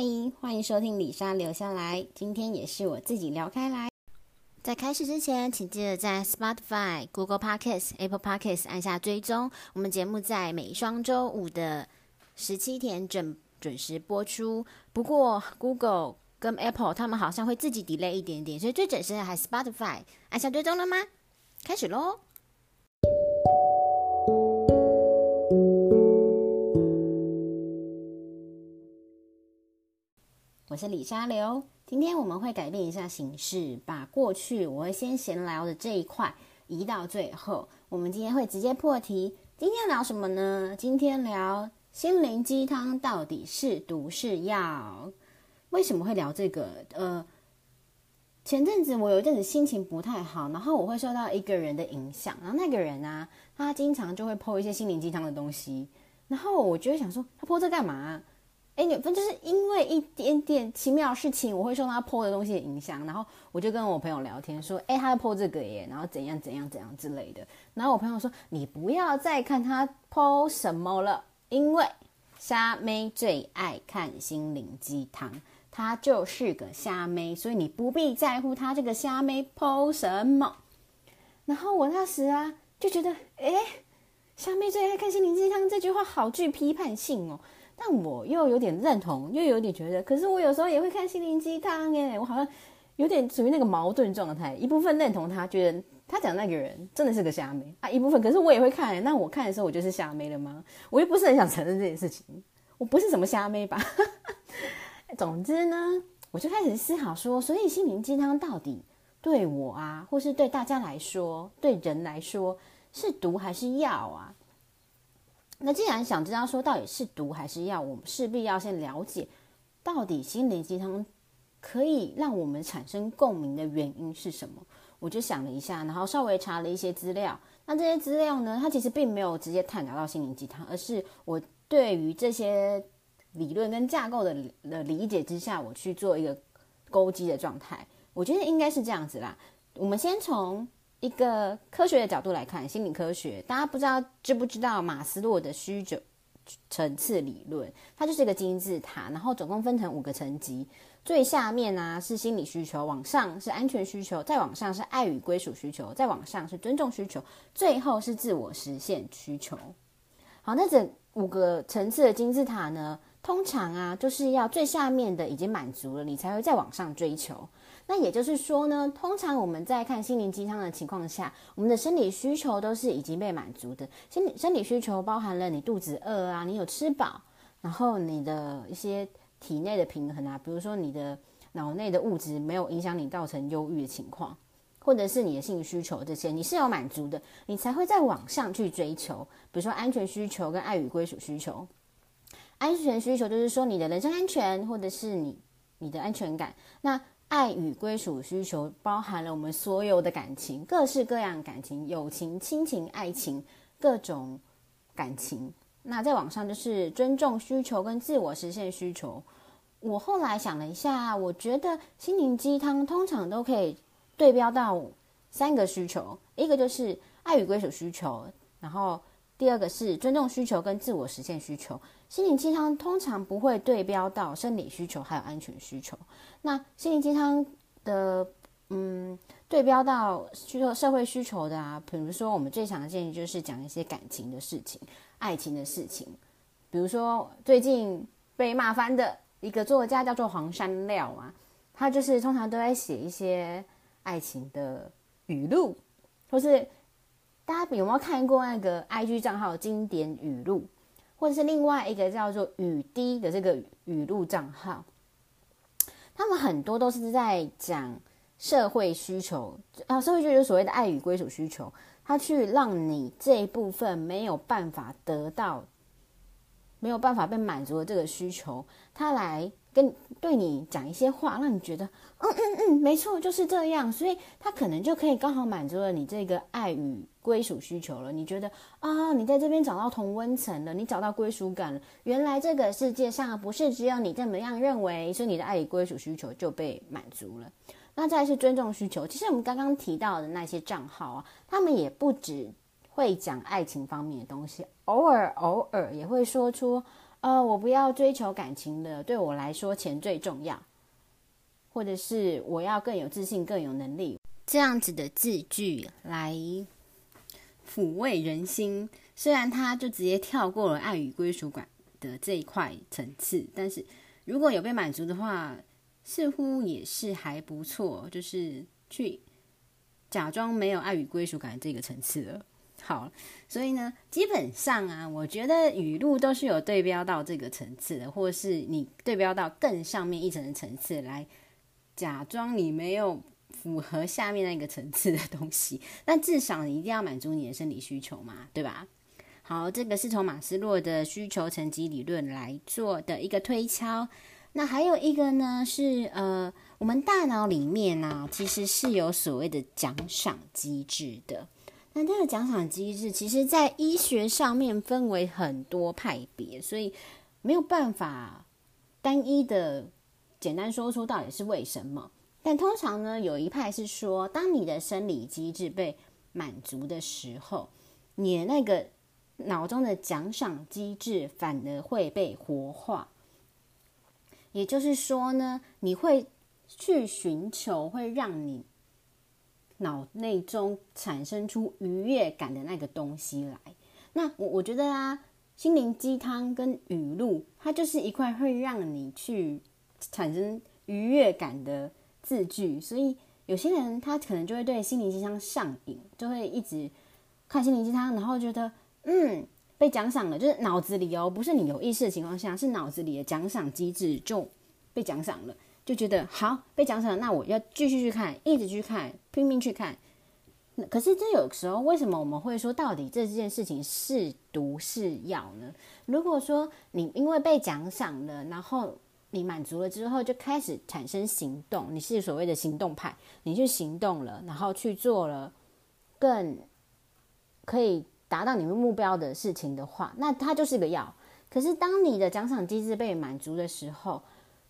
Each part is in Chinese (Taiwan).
歡迎，歡迎收聽理紗琉下來。今天也是我自己聊開來。在開始之前，請記得在 Spotify、Google Podcasts、Apple Podcasts 按下追蹤。我們節目在每雙周五的十七點準準時播出。不過 Google 跟 Apple 他們好像會自己 delay 一點點，所以最準時的還是 Spotify。按下追蹤了嗎？開始嘍！我是理紗琉，今天我們會改變一下形式，把過去我會先閒聊的這一塊移到最後。我們今天會直接破題，今天聊什麼呢？今天聊心靈雞湯到底是毒是藥？為什麼會聊這個？呃，前陣子我有一陣子心情不太好，然後我會受到一個人的影響，然後那個人啊，他經常就會 po 一些心靈雞湯的東西，然後我就會想說，他 po 這幹嘛？哎，你分就是因為一點點奇妙事情，我會受到他剖的東西的影響，然後我就跟我朋友聊天說，哎，他要剖這個耶，然後怎樣怎樣怎樣之類的。然後我朋友說，你不要再看他剖什麼了，因為瞎妹最愛看心靈雞湯，他就是個瞎妹，所以你不必在乎他這個瞎妹剖什麼。然後我那時啊就覺得，哎，瞎妹最愛看心靈雞湯這句話好具批判性哦。但我又有點認同，又有點覺得。可是我有時候也會看心靈雞湯，誒，我好像有點屬於那個矛盾狀態。一部分認同他，覺得他講那個人真的是個瞎妹啊；一部分，可是我也會看。誒，那我看的時候，我就是瞎妹了嗎？我又不是很想承認這件事情，我不是什麼瞎妹吧？ 總之呢，我就開始思考說，所以心靈雞湯到底對我啊，或是對大家來說，對人來說，是毒還是藥啊？那既然想知道說到底是毒還是藥，我們勢必要先了解，到底心靈雞湯可以讓我們產生共鳴的原因是什麼？我就想了一下，然後稍微查了一些資料。那這些資料呢，它其實並沒有直接探討到心靈雞湯，而是我對於這些理論跟架構的的理解之下，我去做一個勾稽的狀態。我覺得應該是這樣子啦。我們先從。一個科學的角度來看，心理科學，大家不知道知不知道馬斯洛的需求層次理論？它就是一個金字塔，然後總共分成五個層級。最下面啊是心理需求，往上是安全需求，再往上是愛與歸屬需求，再往上是尊重需求，最後是自我實現需求。好，那這五個層次的金字塔呢，通常啊就是要最下面的已經滿足了，你才會再往上追求。那也就是說呢，通常我們在看心靈雞湯的情況下，我們的生理需求都是已經被滿足的。心理生理需求包含了你肚子餓啊，你有吃飽，然後你的一些體內的平衡啊，比如說你的腦內的物質沒有影響你造成憂鬱的情況，或者是你的性需求這些你是有滿足的，你才會在往上去追求，比如說安全需求跟愛與歸屬需求。安全需求就是說你的人身安全，或者是你，你的安全感。那愛與歸屬需求包含了我們所有的感情，各式各樣的感情，友情、親情、愛情，各種感情。那再往上就是尊重需求跟自我實現需求。我後來想了一下，我覺得心靈雞湯通常都可以對標到三個需求，一個就是愛與歸屬需求，然後。第二個是尊重需求跟自我實現需求，心靈雞湯通常不會對標到生理需求還有安全需求。那心靈雞湯的，嗯，對標到需求社會需求的啊，比如說我們最常見就是講一些感情的事情、愛情的事情。比如說最近被罵翻的一個作家叫做黃山料啊，他就是通常都在寫一些愛情的語錄，或是。大家有沒有看過那個 IG 賬號經典語錄，或者是另外一個叫做雨滴的這個語錄賬號？他們很多都是在講社會需求啊，社會需求所謂的愛與歸屬需求，他去讓你這一部分沒有辦法得到，沒有辦法被滿足的這個需求，他來跟對你講一些話，讓你覺得，嗯嗯嗯，沒錯，就是這樣，所以他可能就可以剛好滿足了你這個愛與歸屬需求了。你覺得啊、哦，你在這邊找到同溫層了，你找到歸屬感了，原來這個世界上不是只有你這麼樣認為，所以你的愛與歸屬需求就被滿足了。那再是尊重需求，其實我們剛剛提到的那些賬號啊，他們也不止。會講愛情方面的東西，偶爾偶爾也會說出，呃，我不要追求感情的，對我來說錢最重要，或者是我要更有自信、更有能力這樣子的字句來撫慰人心。雖然他就直接跳過了愛與歸屬感的這一塊層次，但是如果有被滿足的話，似乎也是還不錯，就是去假裝沒有愛與歸屬感的這個層次了。好，所以呢，基本上啊，我覺得語錄都是有對標到這個層次的，或是你對標到更上面一層的層次來假裝你沒有符合下面那個層次的東西，但至少你一定要滿足你的生理需求嘛，對吧？好，這個是從馬斯洛的需求層級理論來做的一個推敲。那還有一個呢，是呃，我們大腦裡面啊，其實是有所謂的獎賞機制的。那這個獎賞機制，其實在醫學上面分為很多派別，所以沒有辦法單一的簡單說出到底是為什麼。但通常呢，有一派是說，當你的生理機制被滿足的時候，你的那個腦中的獎賞機制反而會被活化，也就是說呢，你會去尋求會讓你腦內中產生出愉悅感的那個東西來，那我我覺得啊，心靈雞湯跟語錄，它就是一塊會讓你去產生愉悅感的字句，所以有些人他可能就會對心靈雞湯上癮，就會一直看心靈雞湯，然後覺得嗯，被獎賞了，就是腦子裡哦，不是你有意識的情況下，是腦子裡的獎賞機制就被獎賞了。就覺得好被獎賞，那我要繼續去看，一直去看，拼命去看。可是，這有時候為什麼我們會說，到底這件事情是毒是藥呢？如果說你因為被獎賞了，然後你滿足了之後，就開始產生行動，你是所謂的行動派，你去行動了，然後去做了更可以達到你的目標的事情的話，那它就是一個藥。可是，當你的獎賞機制被滿足的時候，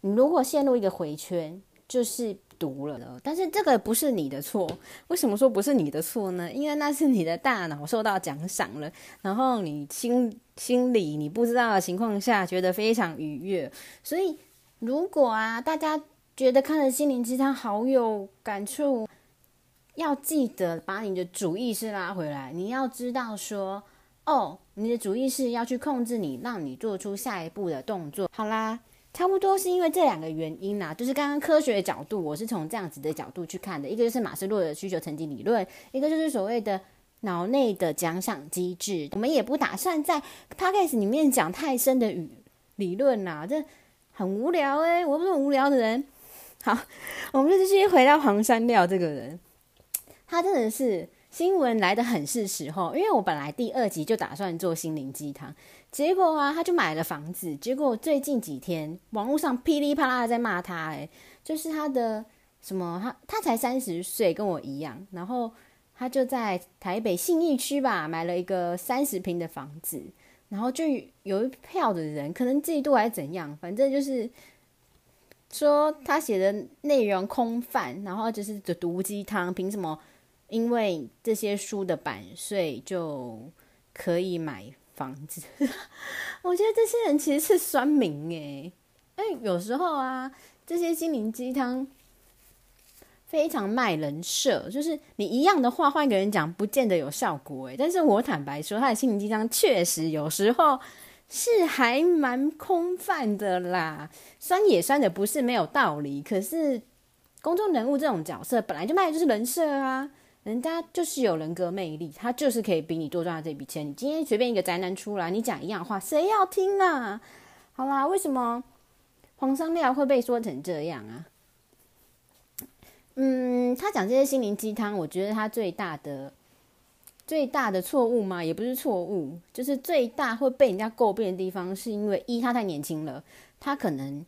你如果陷入一個迴圈，就是毒了的。但是這個不是你的錯。為什麼說不是你的錯呢？因為那是你的大腦受到獎賞了，然後你心心裡你不知道的情況下，覺得非常愉悅。所以，如果啊，大家覺得看了《心靈雞湯》好有感觸，要記得把你的主意識拉回來。你要知道說，哦，你的主意識要去控制你，讓你做出下一步的動作。好啦。差不多是因為這兩個原因啦、啊，就是剛剛科學的角度，我是從這樣子的角度去看的，一個就是馬斯洛的需求層級理論，一個就是所謂的腦內的獎賞機制。我們也不打算在 podcast 裡面講太深的理論啦、啊，這很無聊誒、欸。我不是很無聊的人。好，我們就繼續回到黃山料這個人，他真的是新聞來的很是時候，因為我本來第二集就打算做心靈雞湯。結果啊，他就買了房子。結果最近幾天，網絡上噼里啪啦的在罵他，誒，就是他的什麼，他他才三十歲，跟我一樣。然後他就在台北信義區吧，買了一個三十坪的房子。然後就有一票的人，可能嫉妒還是怎樣，反正就是說他寫的內容空泛，然後就是毒雞湯。憑什麼？因為這些書的版稅就可以買房子， 我覺得這些人其實是酸民哎，有時候啊，這些心靈雞湯非常賣人設，就是你一樣的話換一個人講，不見得有效果哎。但是我坦白說，他的心靈雞湯確實有時候是還蠻空泛的啦，酸也酸的不是沒有道理。可是公眾人物這種角色本來就賣的就是人設啊。人家就是有人格魅力，他就是可以比你多賺這筆錢。你今天隨便一個宅男出來，你講一樣話，誰要聽啊？好啦，為什麼黃山料會被說成這樣啊？嗯，他講這些心靈雞湯，我覺得他最大的最大的錯誤嘛，也不是錯誤，就是最大會被人家詬病的地方，是因為一，他太年輕了，他可能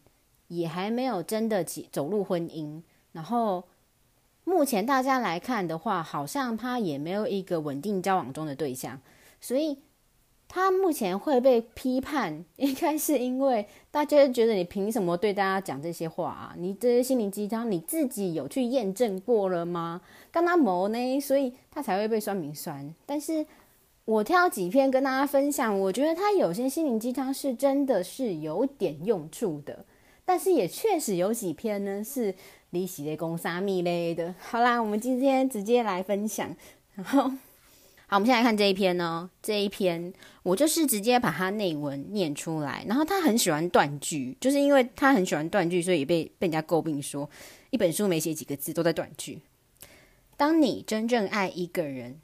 也還沒有真的走入婚姻，然後。目前大家來看的話，好像他也沒有一個穩定交往中的對象，所以他目前會被批判，應該是因為大家覺得你憑什麼對大家講這些話啊？你這些心靈雞湯，你自己有去驗證過了嗎？幹嘛謀呢？所以他才會被酸民酸。但是我挑幾篇跟大家分享，我覺得他有些心靈雞湯是真的是有點用處的，但是也確實有幾篇呢是。利息的攻殺密嘞的。好啦，我們今天直接來分享。然後，好，我們先來看這一篇哦、喔。這一篇我就是直接把它內文念出來。然後他很喜歡斷句，就是因為他很喜歡斷句，所以也被被人家詬病說，一本書沒寫幾個字都在斷句。當你真正愛一個人，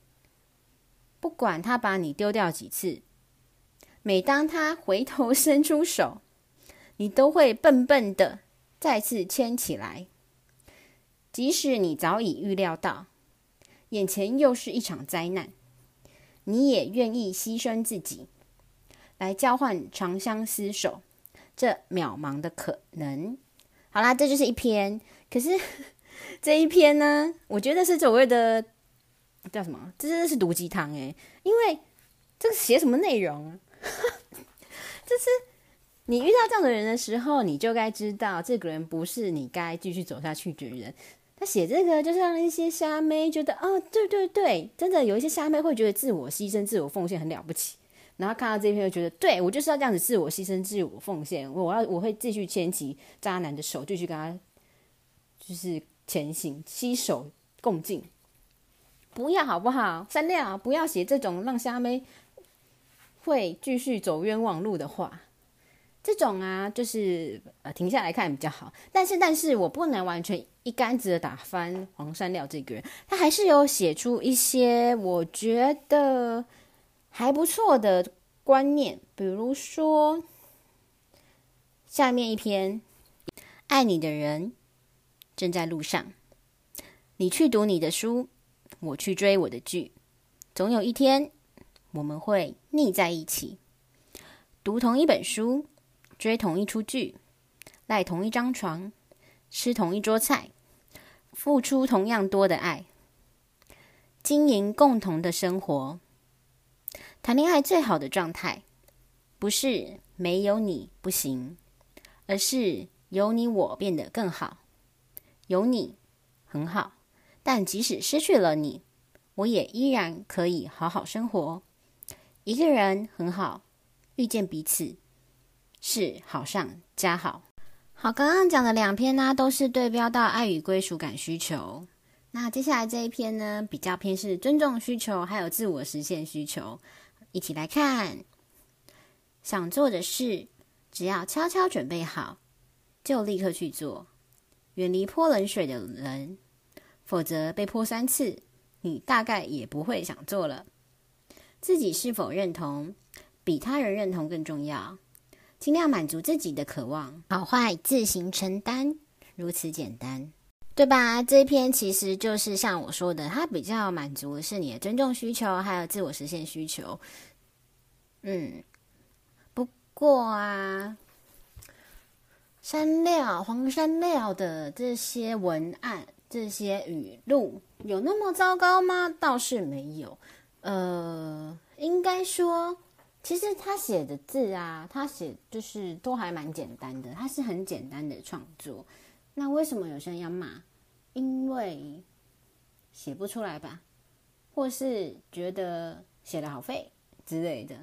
不管他把你丟掉幾次，每當他回頭伸出手，你都會笨笨的再次牽起來。即使你早已預料到，眼前又是一場災難，你也願意犧牲自己，來交換長相廝守這渺茫的可能。好啦，這就是一篇。可是這一篇呢，我覺得是所謂的叫什麼？這真的是毒雞湯哎！因為這個寫什麼內容？就 是你遇到這樣的人的時候，你就該知道，這個人不是你該繼續走下去的人。他寫這個，就是讓一些瞎妹覺得哦，對對對，真的有一些瞎妹會覺得自我犧牲、自我奉獻很了不起。然後看到這篇，就覺得對，我就是要這樣子自我犧牲、自我奉獻，我要我會繼續牽起渣男的手，繼續跟他就是前行，攜手共進。不要好不好？刪掉！不要寫這種讓瞎妹會繼續走冤枉路的話。這種啊，就是呃，停下來看比較好。但是，但是我不能完全。一竿子的打翻黃山料這個人，他還是有寫出一些我覺得還不錯的觀念，比如說下面一篇：愛你的人正在路上，你去讀你的書，我去追我的劇，總有一天我們會膩在一起，讀同一本書，追同一出劇，賴同一張床，吃同一桌菜，付出同樣多的愛，經營共同的生活。談戀愛最好的狀態，不是沒有你不行，而是有你我變得更好。有你很好，但即使失去了你，我也依然可以好好生活。一個人很好，遇見彼此是好上加好。好，剛剛講的兩篇呢、啊，都是對標到愛與歸屬感需求。那接下來這一篇呢，比較偏是尊重需求，還有自我實現需求。一起來看，想做的事，只要悄悄準備好，就立刻去做。遠離潑冷水的人，否則被潑三次，你大概也不會想做了。自己是否認同，比他人認同更重要。盡量滿足自己的渴望，好壞自行承擔，如此簡單，對吧？這篇其實就是像我說的，它比較滿足的是你的尊重需求，還有自我實現需求。嗯，不過啊，山料、黃山料的這些文案、這些語錄，有那麼糟糕嗎？倒是沒有，呃，應該說。其實他寫的字啊，他寫就是都還蠻簡單的，他是很簡單的創作。那為什麼有些人要罵？因為寫不出來吧，或是覺得寫得好廢之類的。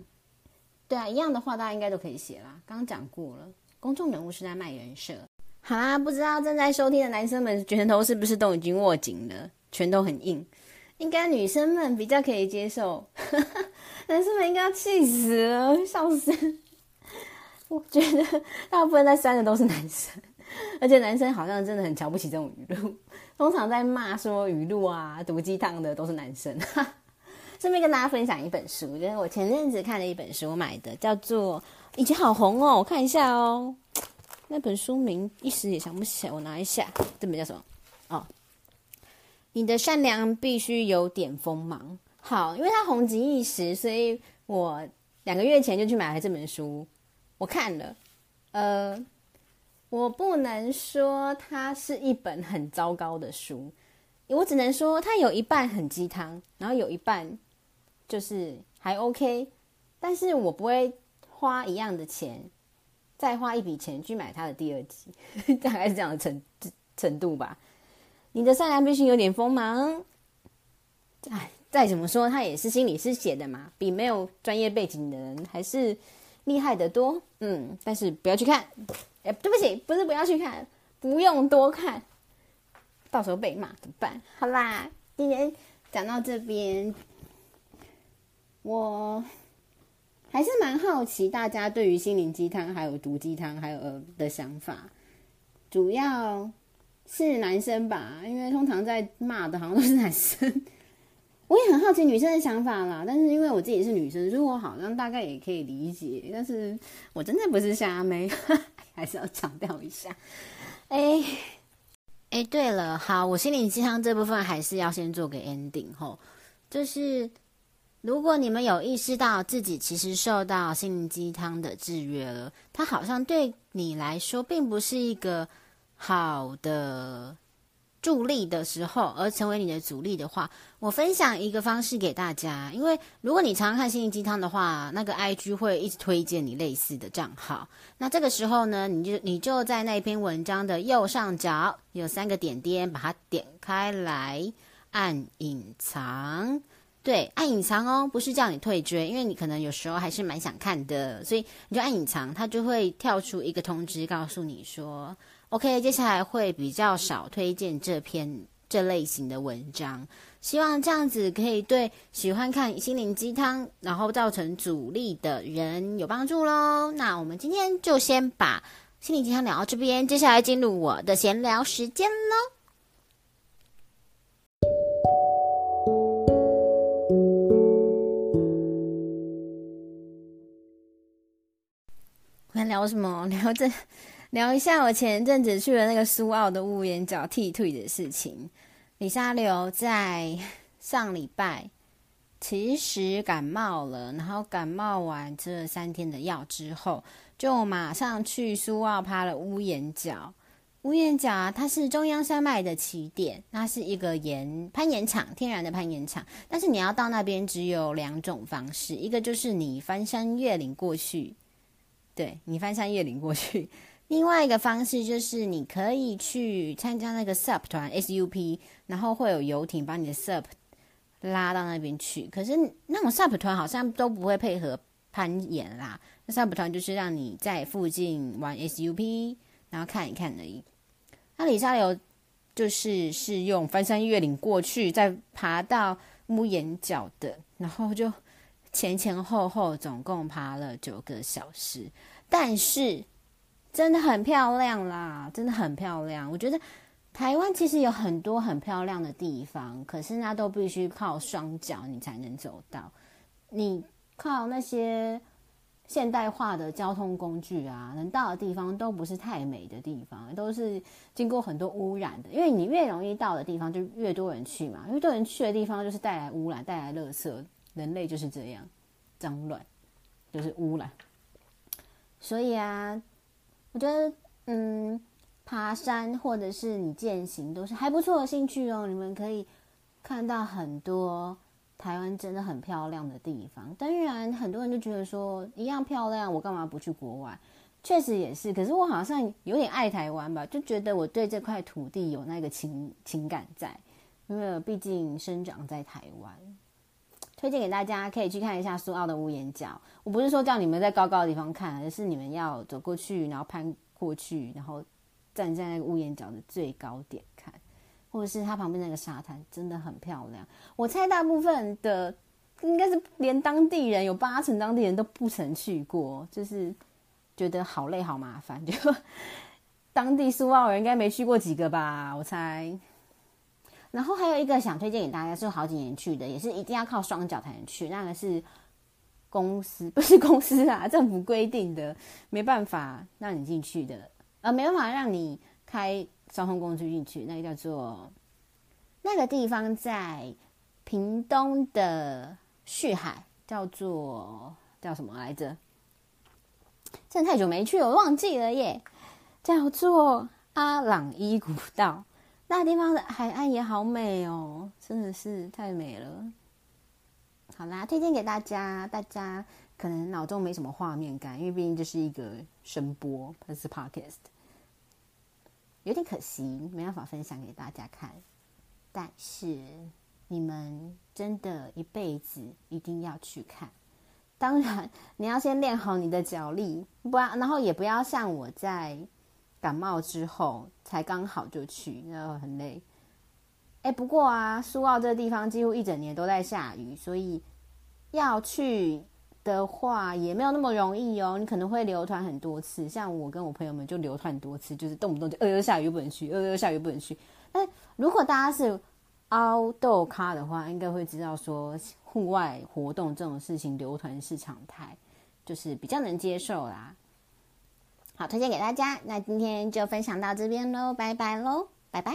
對啊，一樣的話大家應該都可以寫啦。剛剛講過了，公眾人物是在賣人設。好啦，不知道正在收聽的男生們拳頭是不是都已經握緊了，拳頭很硬。應該女生們比較可以接受。 男生們應該要氣死了，笑死！我覺得大部分在酸的都是男生，而且男生好像真的很瞧不起這種語錄，通常在罵說語錄啊、毒雞湯的都是男生呵呵。順便跟大家分享一本書，就是我前陣子看了一本書，我買的，叫做，以前好紅哦，我看一下哦。那本書名一時也想不起來，我拿一下，這本叫什麼？哦，你的善良必須有點鋒芒。好，因為它紅極一時，所以我兩個月前就去買了這本書。我看了，呃，我不能說它是一本很糟糕的書，我只能說它有一半很雞湯，然後有一半就是還 OK。但是我不會花一樣的錢，再花一筆錢去買它的第二集，大概是這樣的程程度吧。你的善良必須有點鋒芒，哎、啊。再怎麼說，他也是心理師寫的嘛，比沒有專業背景的人還是厲害得多。嗯，但是不要去看。哎、欸，對不起，不是不要去看，不用多看，到時候被罵怎麼辦？好啦，今天講到這邊，我還是蠻好奇大家對於心靈雞湯還有毒雞湯還有鵝的想法，主要是男生吧，因為通常在罵的好像都是男生。我也很好奇女生的想法啦，但是因為我自己是女生，所以我好像大概也可以理解。但是我真的不是瞎妹呵呵，還是要強調一下。哎、欸、哎、欸，對了，好，我心靈雞湯這部分還是要先做個 ending 吼，就是如果你們有意識到自己其實受到心靈雞湯的制約了，它好像對你來說並不是一個好的。助力的時候，而成為你的阻力的話，我分享一個方式給大家。因為如果你常常看心靈雞湯的話，那個 IG 會一直推薦你類似的賬號。那這個時候呢，你就你就在那篇文章的右上角有三個點點，把它點開來，按隱藏。對，按隱藏哦，不是叫你退追，因為你可能有時候還是蠻想看的，所以你就按隱藏，它就會跳出一個通知，告訴你說。OK，接下來會比較少推薦這篇這類型的文章，希望這樣子可以對喜歡看心靈雞湯然後造成阻力的人有幫助咯。那我們今天就先把心靈雞湯聊到這邊，接下來進入我的閒聊時間嘍。我們聊什麼？聊這。聊一下我前陣子去了那個蘇澳的烏岩角剃腿的事情。理紗琉在上禮拜其實感冒了，然後感冒完吃了三天的藥之後，就馬上去蘇澳爬了烏岩角。烏岩角啊，它是中央山脈的起點，它是一個岩攀岩場，天然的攀岩場。但是你要到那邊只有兩種方式，一個就是你翻山越嶺過去，對，你翻山越嶺過去。另外一個方式就是，你可以去參加那個 SUP 團 S U P，然後會有游艇把你的 SUP 拉到那邊去。可是那種 SUP 團好像都不會配合攀岩啦。那 SUP 團就是讓你在附近玩 S U P，然後看一看而已。那、啊、理紗琉就是是用翻山越嶺過去，再爬到木岩角的，然後就前前後後總共爬了九個小時，但是。真的很漂亮啦，真的很漂亮。我覺得台灣其實有很多很漂亮的地方，可是那都必須靠雙腳你才能走到。你靠那些現代化的交通工具啊，能到的地方都不是太美的地方，都是經過很多污染的。因為你越容易到的地方，就越多人去嘛。越多人去的地方，就是帶來污染，帶來垃圾。人類就是這樣，髒亂就是污染。所以啊。我覺得，嗯，爬山或者是你健行都是還不錯的興趣哦。你們可以看到很多台灣真的很漂亮的地方。當然，很多人就覺得說一樣漂亮，我幹嘛不去國外？確實也是，可是我好像有點愛台灣吧，就覺得我對這塊土地有那個情情感在，因為畢竟生長在台灣。推薦給大家，可以去看一下蘇澳的屋檐角。我不是說叫你們在高高的地方看，而是你們要走過去，然後攀過去，然後站在那個屋檐角的最高點看，或者是它旁邊那個沙灘，真的很漂亮。我猜大部分的應該是連當地人，有八成當地人都不曾去過，就是覺得好累好麻煩。就當地蘇澳人應該沒去過幾個吧，我猜。然後還有一個想推薦給大家，是好幾年去的，也是一定要靠雙腳才能去。那個是公司，不是公司啊，政府規定的，沒辦法讓你進去的，呃，沒辦法讓你開交通工具進去。那個叫做，那個地方在屏東的旭海，叫做，叫什麼來着？真的太久沒去，我忘記了耶。叫做阿朗伊古道。那地方的海岸也好美哦，真的是太美了。好啦，推薦給大家，大家可能腦中沒什麼畫面感，因為畢竟這是一個聲波，它是 Podcast，有點可惜，沒辦法分享給大家看。但是你們真的一輩子一定要去看，當然你要先練好你的腳力，不然，然後也不要像我在。感冒之後才剛好就去，然後很累。哎、欸，不過啊，蘇澳這個地方幾乎一整年都在下雨，所以要去的話也沒有那麼容易哦。你可能會流團很多次，像我跟我朋友們就流團很多次，就是動不動就呃呃下雨不能去，呃呃下雨不能去。但如果大家是 Outdoor 咖的話，應該會知道說，戶外活動這種事情流團是常態，就是比較能接受啦。好，推薦給大家。那今天就分享到這邊嘍，拜拜嘍，拜拜。